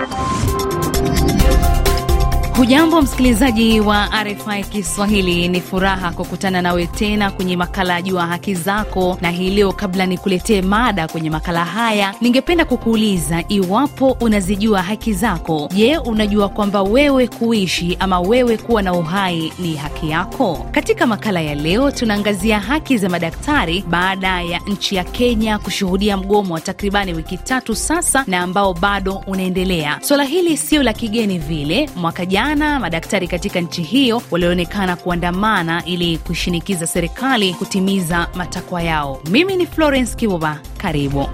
you Hujambo msikilizaji wa RFI Kiswahili, ni furaha kukutana nawe tena kwenye makala ya Jua Haki Zako, na hii leo, kabla nikuletee mada kwenye makala haya, ningependa kukuuliza iwapo unazijua haki zako. Je, unajua kwamba wewe kuishi ama wewe kuwa na uhai ni haki yako? Katika makala ya leo, tunaangazia haki za madaktari baada ya nchi ya Kenya kushuhudia mgomo wa takribani wiki tatu sasa, na ambao bado unaendelea. Swala hili sio la kigeni vile, mwaka jana jana madaktari katika nchi hiyo walioonekana kuandamana ili kushinikiza serikali kutimiza matakwa yao. Mimi ni Florence kiuva karibu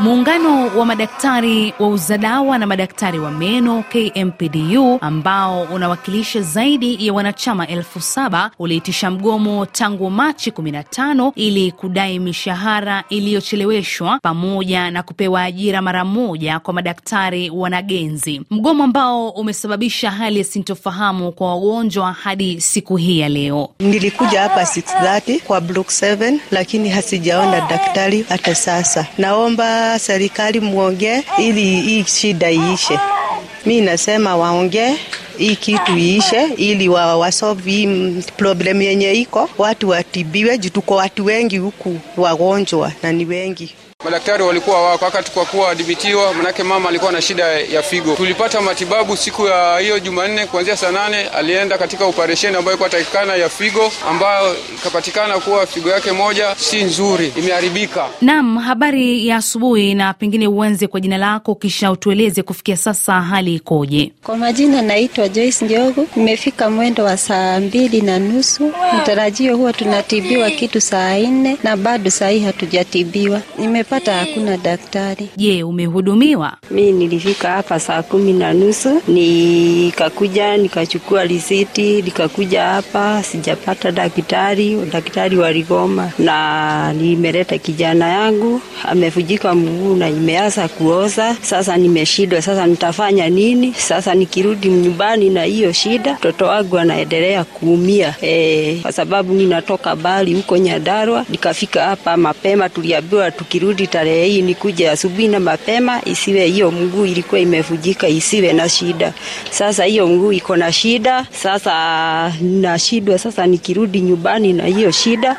Muungano wa madaktari wa uzadawa na madaktari wa meno KMPDU ambao unawakilisha zaidi ya wanachama elfu saba uliitisha mgomo tangu Machi 15 ili kudai mishahara iliyocheleweshwa pamoja na kupewa ajira mara moja kwa madaktari wanagenzi, mgomo ambao umesababisha hali ya sintofahamu kwa wagonjwa hadi siku hii ya leo. Nilikuja hapa 6:30 kwa block 7 lakini hasijaona daktari hata sasa. Naomba serikali muongee ili hii shida iishe. Mi nasema waongee hii kitu iishe, ili wa wasolve problem yenye iko, watu watibiwe juu tuko watu wengi huku wagonjwa na ni wengi. Madaktari walikuwa wako wakati tukakuwa kuwa manake mama alikuwa na shida ya figo. Tulipata matibabu siku ya hiyo Jumanne kuanzia saa nane alienda katika operesheni ambayo ilikuwa takikana ya figo, ambayo ikapatikana kuwa figo yake moja si nzuri, imeharibika. Naam, habari ya asubuhi, na pengine uanze kwa jina lako kisha utueleze kufikia sasa hali ikoje? Kwa majina naitwa Joyce Njogu. Nimefika mwendo wa saa mbili na nusu, mtarajio huwa tunatibiwa kitu saa nne na bado saa hii hatujatibiwa Nime Nimepata hakuna daktari. Je, umehudumiwa? Mi nilifika hapa saa kumi na nusu nikakuja nikachukua risiti nikakuja hapa, sijapata daktari. Daktari waligoma, na nimeleta kijana yangu amevujika mguu na imeanza kuoza. Sasa nimeshindwa, sasa nitafanya nini? Sasa nikirudi nyumbani na hiyo shida, mtoto wangu anaendelea kuumia e, kwa sababu ninatoka bali huko nyadarwa nikafika hapa mapema, tuliambiwa tukirudi kurudi tarehe hii, nikuja asubuhi na mapema, isiwe hiyo mguu ilikuwa imevujika, isiwe na shida. Sasa hiyo mguu iko na shida, sasa nashidwa sasa, nikirudi nyumbani na hiyo shida,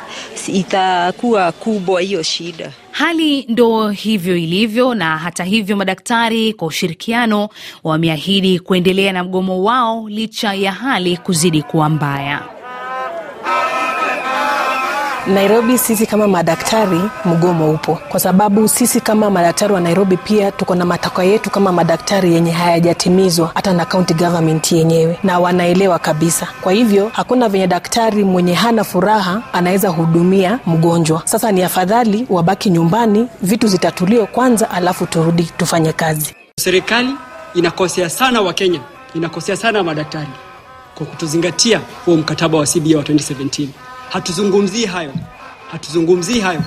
itakuwa kubwa hiyo shida. Hali ndo hivyo ilivyo, na hata hivyo, madaktari kwa ushirikiano wameahidi kuendelea na mgomo wao licha ya hali kuzidi kuwa mbaya. Nairobi sisi kama madaktari mgomo upo, kwa sababu sisi kama madaktari wa Nairobi pia tuko na matakwa yetu kama madaktari yenye hayajatimizwa hata na county government yenyewe, na wanaelewa kabisa. Kwa hivyo hakuna venye daktari mwenye hana furaha anaweza hudumia mgonjwa. Sasa ni afadhali wabaki nyumbani, vitu zitatuliwe kwanza, alafu turudi tufanye kazi. Serikali inakosea sana Wakenya, inakosea sana madaktari kwa kutozingatia huo mkataba wa CBA wa 2017. Hatuzungumzii hayo, hatuzungumzii hayo.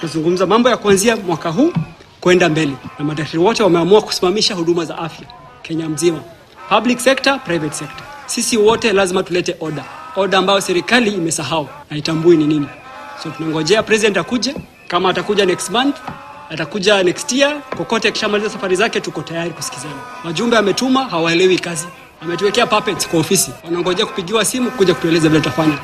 Tunazungumza mambo ya kuanzia mwaka huu kwenda mbele, na madaktari wote wameamua kusimamisha huduma za afya Kenya mzima, public sector, private sector. Sisi wote lazima tulete oda, oda ambayo serikali imesahau na itambui ni nini. So tunangojea president akuje, kama atakuja next month atakuja next year, kokote akishamaliza safari zake, tuko tayari kusikizana. Wajumbe ametuma hawaelewi kazi, ametuwekea puppets kwa ofisi, wanangojea kupigiwa simu kuja kutueleza vile tutafanya.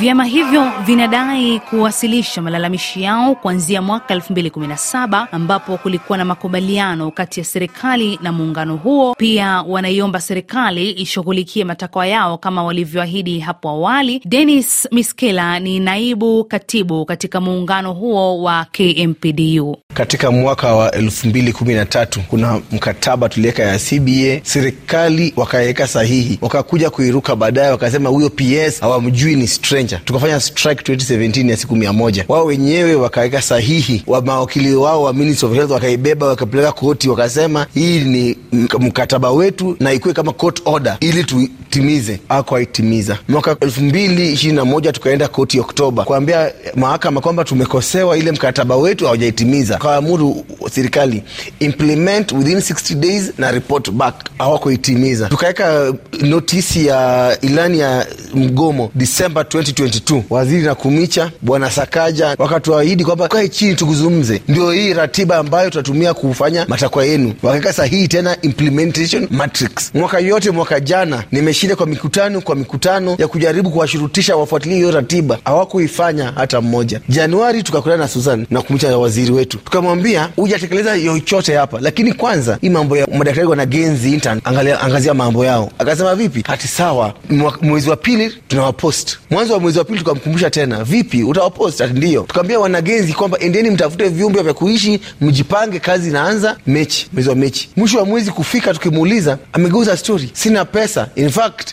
Vyama hivyo vinadai kuwasilisha malalamishi yao kuanzia mwaka 2017 ambapo kulikuwa na makubaliano kati ya serikali na muungano huo. Pia wanaiomba serikali ishughulikie matakwa yao kama walivyoahidi hapo awali. Dennis Miskela ni naibu katibu katika muungano huo wa KMPDU katika mwaka wa elfu mbili kumi na tatu kuna mkataba tuliweka ya CBA, serikali wakaweka sahihi, wakakuja kuiruka baadaye, wakasema huyo PS hawamjui ni stranger. Tukafanya strike 2017 ya siku mia moja, wao wenyewe wakaweka sahihi wa mawakili wao wa of Health wakaibeba, wakapeleka koti, wakasema hii ni mkataba wetu na ikuwe kama court order ili tutimize. Akwaitimiza mwaka elfu mbili ishirini na moja tukaenda koti Oktoba kuambia mahakama kwamba tumekosewa, ile mkataba wetu hawajaitimiza, Kaamuru serikali implement within 60 days na report back. Hawakuitimiza, tukaweka notisi ya ilani ya mgomo disemba 2022. Waziri na Kumicha bwana Sakaja wakatuahidi kwamba kae chini tukuzungumze, ndio hii ratiba ambayo tutatumia kufanya matakwa yenu. Wakaweka sahihi tena implementation matrix. Mwaka yote mwaka jana nimeshinda kwa mikutano kwa mikutano ya kujaribu kuwashurutisha wafuatilia hiyo ratiba, hawakuifanya hata mmoja. Januari tukakutana na Susan na kumcha waziri wetu, tukamwambia hujatekeleza yochote hapa, lakini kwanza hii mambo ya madaktari wanagenzi angalia, angazia mambo yao. Akasema vipi? Hati sawa, mwezi wa pili tunawapost. Mwanzo wa mwezi wa pili tukamkumbusha tena, vipi utawapost? hati ndiyo. Tukaambia wanagenzi kwamba endeni mtafute vyumba vya kuishi, mjipange, kazi inaanza mechi, mwezi wa mechi, mwisho wa mwezi hawezi kufika, tukimuuliza amegeuza stori, sina pesa, in fact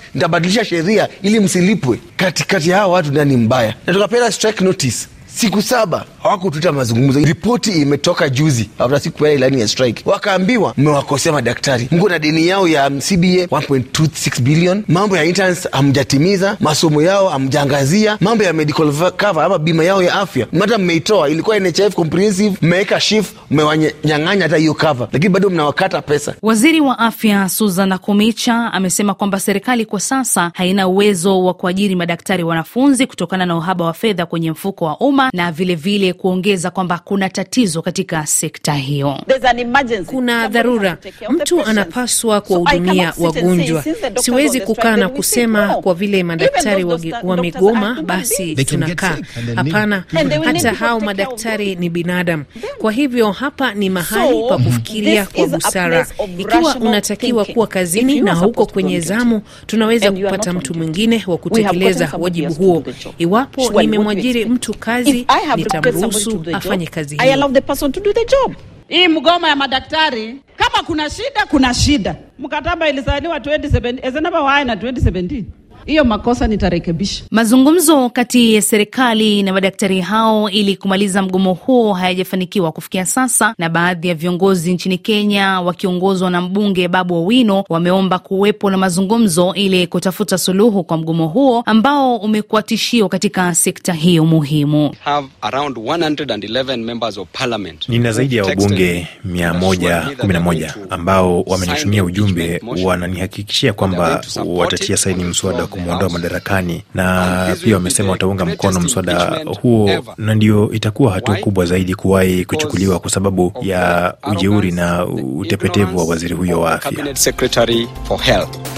sheria ili msilipwe. Katikati ya hawa watu nani mbaya? Na tukapenda strike notice siku saba hawakutuita mazungumzo. Ripoti imetoka juzi after siku ya ilani ya strike, wakaambiwa mmewakosea madaktari, mko na deni yao ya CBA 1.26 billion, mambo ya interns hamjatimiza, masomo yao hamjaangazia, mambo ya medical cover ama bima yao ya afya mata mmeitoa, ilikuwa NHIF comprehensive, mmeweka SHIF, mmewanyang'anya hata hiyo cover, lakini bado mnawakata pesa. Waziri wa afya Susan nakumicha amesema kwamba serikali kwa sasa haina uwezo wa kuajiri madaktari wanafunzi kutokana na uhaba wa fedha kwenye mfuko wa umma na vilevile vile kuongeza kwamba kuna tatizo katika sekta hiyo. Kuna dharura, mtu anapaswa kuwahudumia wagonjwa. Siwezi kukaa na kusema kwa vile madaktari wamegoma basi tunakaa. Hapana, hata hao madaktari ni binadamu. Kwa hivyo hapa ni mahali pa kufikiria kwa busara. Ikiwa unatakiwa kuwa kazini na huko kwenye zamu, tunaweza kupata mtu mwingine wa kutekeleza wajibu huo. Iwapo nimemwajiri mtu kazi, nitampa kumruhusu afanye kazi hiyo. Hii mgoma ya madaktari, kama kuna shida, kuna shida. Mkataba ilisainiwa 2017 na 2017 hiyo makosa nitarekebisha. Mazungumzo kati ya serikali na madaktari hao ili kumaliza mgomo huo hayajafanikiwa kufikia sasa, na baadhi ya viongozi nchini Kenya wakiongozwa na mbunge Babu Owino wameomba kuwepo na mazungumzo ili kutafuta suluhu kwa mgomo huo ambao umekuwa tishio katika sekta hiyo muhimu. Nina zaidi ya wabunge 111 ambao wamenitumia ujumbe, wananihakikishia kwamba watatia saini mswada kumwondoa madarakani, na pia wamesema wataunga mkono mswada huo, na ndio itakuwa hatua kubwa zaidi kuwahi kuchukuliwa kwa sababu ya ujeuri na utepetevu wa waziri huyo wa afya.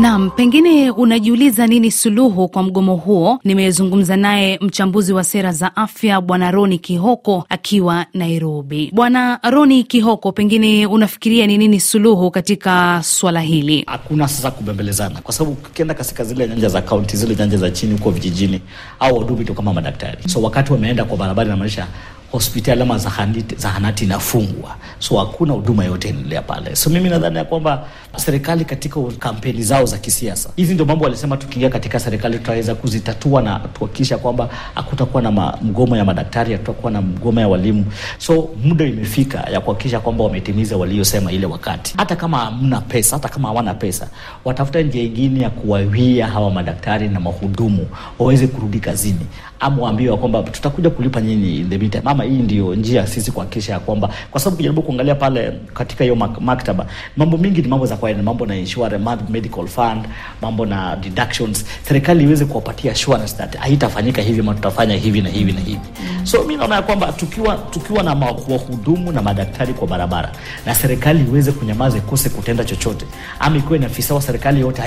Naam, pengine unajiuliza nini suluhu kwa mgomo huo? Nimezungumza naye mchambuzi wa sera za afya Bwana Roni Kihoko akiwa Nairobi. Bwana Roni Kihoko, pengine unafikiria ni nini suluhu katika swala hili? Hakuna sasa kubembelezana, kwa sababu ukienda katika zile nyanja za kaunti, zile nyanja za chini huko vijijini, au wadubi tu kama madaktari, so wakati wameenda kwa barabara na maisha hospitali ama zahanati, zahanati inafungwa, so hakuna huduma yote inaendelea pale. So mimi nadhani ya kwamba serikali katika kampeni zao za kisiasa, hizi ndio mambo walisema, tukiingia katika serikali tutaweza kuzitatua na tuhakikisha kwamba hakutakuwa na mgomo ya madaktari, hatutakuwa na mgomo ya walimu. So muda imefika ya kuhakikisha kwamba wametimiza waliosema ile wakati, hata kama hamna pesa, hata kama hawana pesa, watafuta njia ingine ya kuwawia hawa madaktari na mahudumu waweze kurudi kazini amwambiwa kwamba tutakuja kulipa nyinyi in the meantime, ama hii ndio njia sisi kuhakikisha ya kwamba, kwa sababu kujaribu kuangalia pale katika hiyo maktaba, mambo mingi ni mambo za kawaida, mambo na insurance, medical fund, mambo na deductions, serikali iweze kuwapatia assurance that haitafanyika hivi ama tutafanya hivi na hivi na hivi. So mi naona ya kwamba tukiwa tukiwa na wahudumu na madaktari kwa barabara na serikali iweze kunyamaza, ikose kutenda chochote, ama ikuwe na afisa wa serikali yote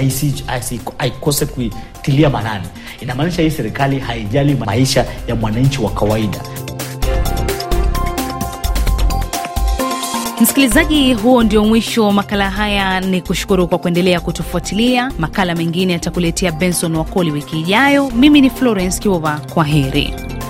haikose kuitilia manani, inamaanisha hii serikali haijali maisha ya mwananchi wa kawaida. Msikilizaji, huo ndio mwisho wa makala haya. Ni kushukuru kwa kuendelea kutufuatilia. Makala mengine yatakuletea Benson Wakoli wiki ijayo. Mimi ni Florence Kiova, kwa heri.